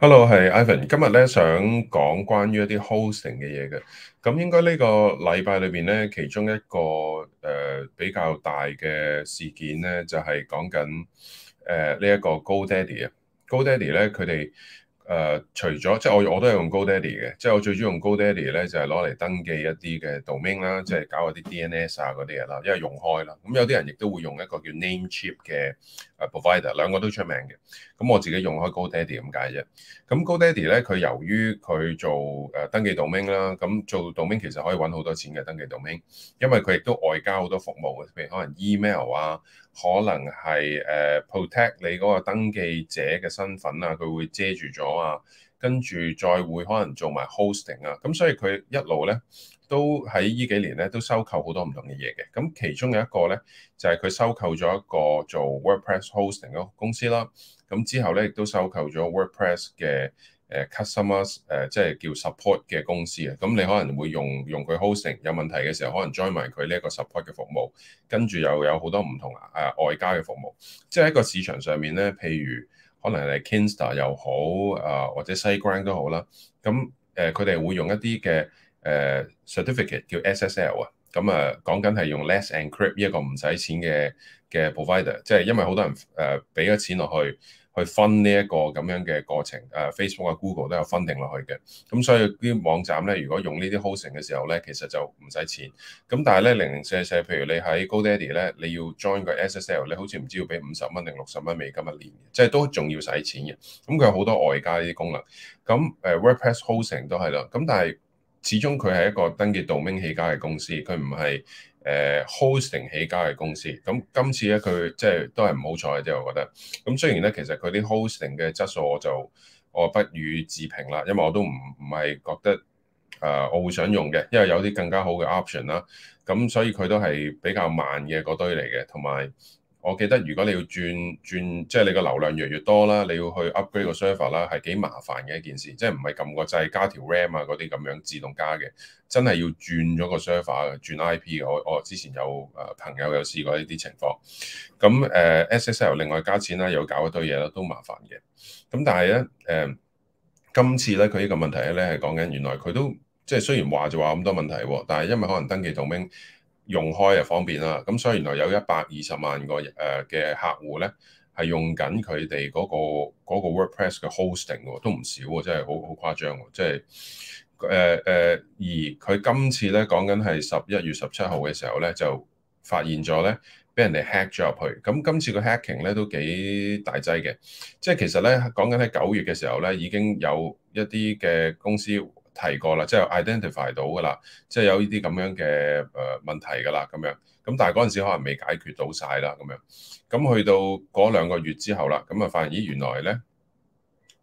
Hello，係 Ivan，今日咧，想講關於一啲 hosting 嘅嘢嘅，咁應該呢個禮拜裏邊咧，其中一個誒、呃、比較大嘅事件咧，就係講緊誒呢一個 GoDaddy 啊，GoDaddy 咧佢哋誒、呃、除咗即係我我都係用 GoDaddy 嘅，即係我最主要用 GoDaddy 咧就係攞嚟登記一啲嘅 domain 啦，即係搞一啲 DNS 啊嗰啲嘢啦，因為用開啦，咁有啲人亦都會用一個叫 Namecheap 嘅。provider 兩個都出名嘅，咁我自己用開 GoDaddy 咁解啫。咁 GoDaddy 咧，佢由於佢做誒登記 domain 啦，咁做 domain 其實可以揾好多錢嘅登記 domain，因為佢亦都外加好多服務嘅，譬如可能 email 啊，可能係誒 protect 你嗰個登記者嘅身份啊，佢會遮住咗啊，跟住再會可能做埋 hosting 啊，咁所以佢一路咧。都喺呢幾年咧，都收購好多唔同嘅嘢嘅。咁其中有一個咧，就係、是、佢收購咗一個做 WordPress hosting 嘅公司啦。咁之後咧，亦都收購咗 WordPress 嘅誒 customer 誒、呃，即係叫 support 嘅公司啊。咁你可能會用用佢 hosting，有問題嘅時候，可能 join 埋佢呢一個 support 嘅服務。跟住又有好多唔同啊、呃，外加嘅服務。即係喺個市場上面咧，譬如可能係 Kinsta 又好啊、呃，或者 SiteGround 都好啦。咁誒，佢、呃、哋會用一啲嘅。誒、uh, certificate 叫 SSL 啊，咁啊講緊係用 Let's Encrypt 呢一個唔使錢嘅嘅 provider，即係因為好多人誒俾咗錢落去去分呢一個咁樣嘅過程，誒、啊、Facebook 啊 Google 都有分定落去嘅，咁、啊、所以啲網站咧如果用呢啲 hosting 嘅時候咧，其實就唔使錢。咁、啊、但係咧零零四四，譬如你喺 GoDaddy 咧，你要 join 個 SSL，你好似唔知要俾五十蚊定六十蚊美金一年嘅，即、就、係、是、都仲要使錢嘅。咁、啊、佢有好多外加啲功能，咁、啊、誒 WordPress hosting 都係啦。咁、啊、但係，始終佢係一個登記 domain 起家嘅公司，佢唔係誒 hosting 起家嘅公司。咁今次咧，佢即係都係唔好彩嘅啫，我覺得。咁雖然咧，其實佢啲 hosting 嘅質素我就我不予置評啦，因為我都唔唔係覺得啊、呃，我會想用嘅，因為有啲更加好嘅 option 啦。咁所以佢都係比較慢嘅嗰堆嚟嘅，同埋。我記得如果你要轉轉，即係你個流量越來越多啦，你要去 upgrade 個 server 啦，係幾麻煩嘅一件事，即係唔係撳個掣加條 RAM 啊嗰啲咁樣自動加嘅，真係要轉咗個 server 轉 IP。我我之前有誒朋友有試過呢啲情況，咁誒 SSL 另外加錢啦，又搞一堆嘢啦，都麻煩嘅。咁但係咧誒，今次咧佢呢個問題咧係講緊原來佢都即係雖然話就話咁多問題，但係因為可能登記 d o 用開又方便啦，咁所以原來有一百二十萬個誒嘅客戶咧，係用緊佢哋嗰個 WordPress 嘅 hosting 喎，嗰個、hosting，都唔少喎，真係好好誇張喎，即係誒誒，而佢今次咧講緊係十一月十七號嘅時候咧，就發現咗咧，俾人哋 hack 咗入去，咁今次個 hacking 咧都幾大劑嘅，即係其實咧講緊喺九月嘅時候咧，已經有一啲嘅公司。提過啦，即係 identify 到噶啦，即係有呢啲咁樣嘅誒問題噶啦，咁樣咁但係嗰陣時可能未解決到晒啦，咁樣咁去到嗰兩個月之後啦，咁啊發現咦原來咧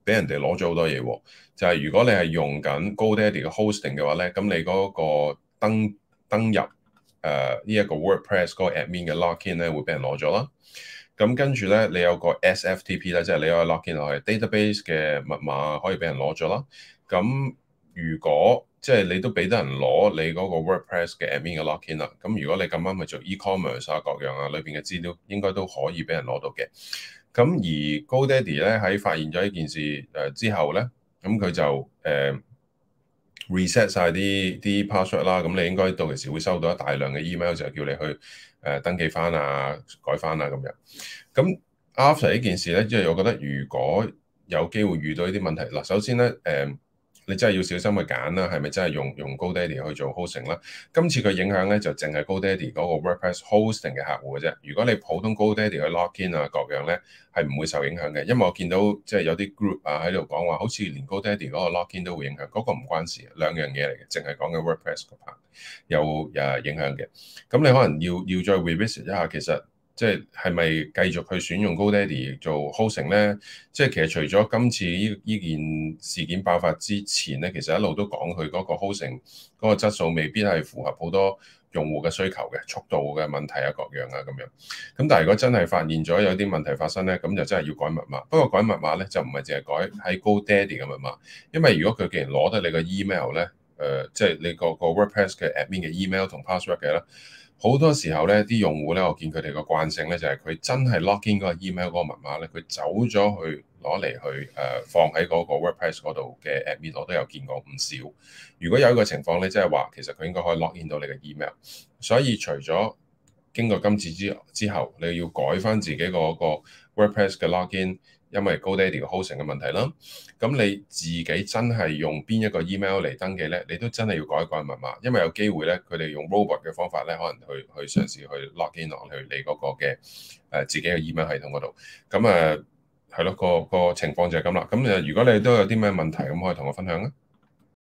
俾人哋攞咗好多嘢喎，就係、是、如果你係用緊 GoDaddy 嘅 hosting 嘅話咧，咁你嗰個登登入誒、呃這個、呢，呢一個 WordPress 嗰個 admin 嘅 login 咧會俾人攞咗啦，咁跟住咧你有個 SFTP 咧，即係你可以 login 落去 database 嘅密碼可以俾人攞咗啦，咁。如果即係你都俾得人攞你嗰個 WordPress 嘅 admin 嘅 login 啦，咁如果你咁啱咪做 e-commerce 啊各樣啊，裏邊嘅資料應該都可以俾人攞到嘅。咁而 GoDaddy 咧喺發現咗呢件事誒之後咧，咁佢就誒、呃、reset 晒啲啲 password 啦。咁你應該到時會收到一大量嘅 email 就係叫你去誒、呃、登記翻啊、改翻啊咁樣。咁 after 呢件事咧，即、就、為、是、我覺得如果有機會遇到呢啲問題，嗱，首先咧誒。呃你真係要小心去揀啦，係咪真係用用 GoDaddy 去做 hosting 啦？今次嘅影響咧就淨係 GoDaddy 嗰個 WordPress hosting 嘅客戶嘅啫。如果你普通 GoDaddy 嘅 login 啊各樣咧係唔會受影響嘅，因為我見到即係、就是、有啲 group 啊喺度講話，好似連 GoDaddy 嗰個 login 都會影響，嗰、那個唔關事，兩樣嘢嚟嘅，淨係講緊 WordPress 嗰 part 有誒影響嘅。咁你可能要要再 revisit 一下，其實。即係係咪繼續去選用 Go Daddy 做 Hosting 咧？即係其實除咗今次呢依件事件爆發之前咧，其實一路都講佢嗰個 Hosting 嗰個質素未必係符合好多用戶嘅需求嘅速度嘅問題啊各樣啊咁樣。咁但係如果真係發現咗有啲問題發生咧，咁就真係要改密碼。不過改密碼咧就唔係淨係改喺 Go Daddy 嘅密碼，因為如果佢既然攞得你個 email 咧。誒，即係你個 WordPress 嘅 admin 嘅 email 同 password 嘅咧，好多時候咧啲用戶咧，我見佢哋個慣性咧，就係佢真係 login 嗰個 email 嗰個密碼咧，佢走咗去攞嚟去誒放喺嗰個 WordPress 嗰度嘅 admin，我都有見過唔少。如果有一個情況咧，即係話其實佢應該可以 login 到你嘅 email，所以除咗經過今次之之後，你要改翻自己嗰個 WordPress 嘅 login。因為 GoDaddy 嘅 hosting 嘅問題啦，咁你自己真係用邊一個 email 嚟登記咧，你都真係要改一改密碼，因為有機會咧，佢哋用 robot 嘅方法咧，可能去去嘗試去 log in 入去你嗰個嘅誒、呃、自己嘅 email 系統嗰度。咁誒係咯，那個個情況就係咁啦。咁誒，如果你都有啲咩問題，咁可以同我分享啊。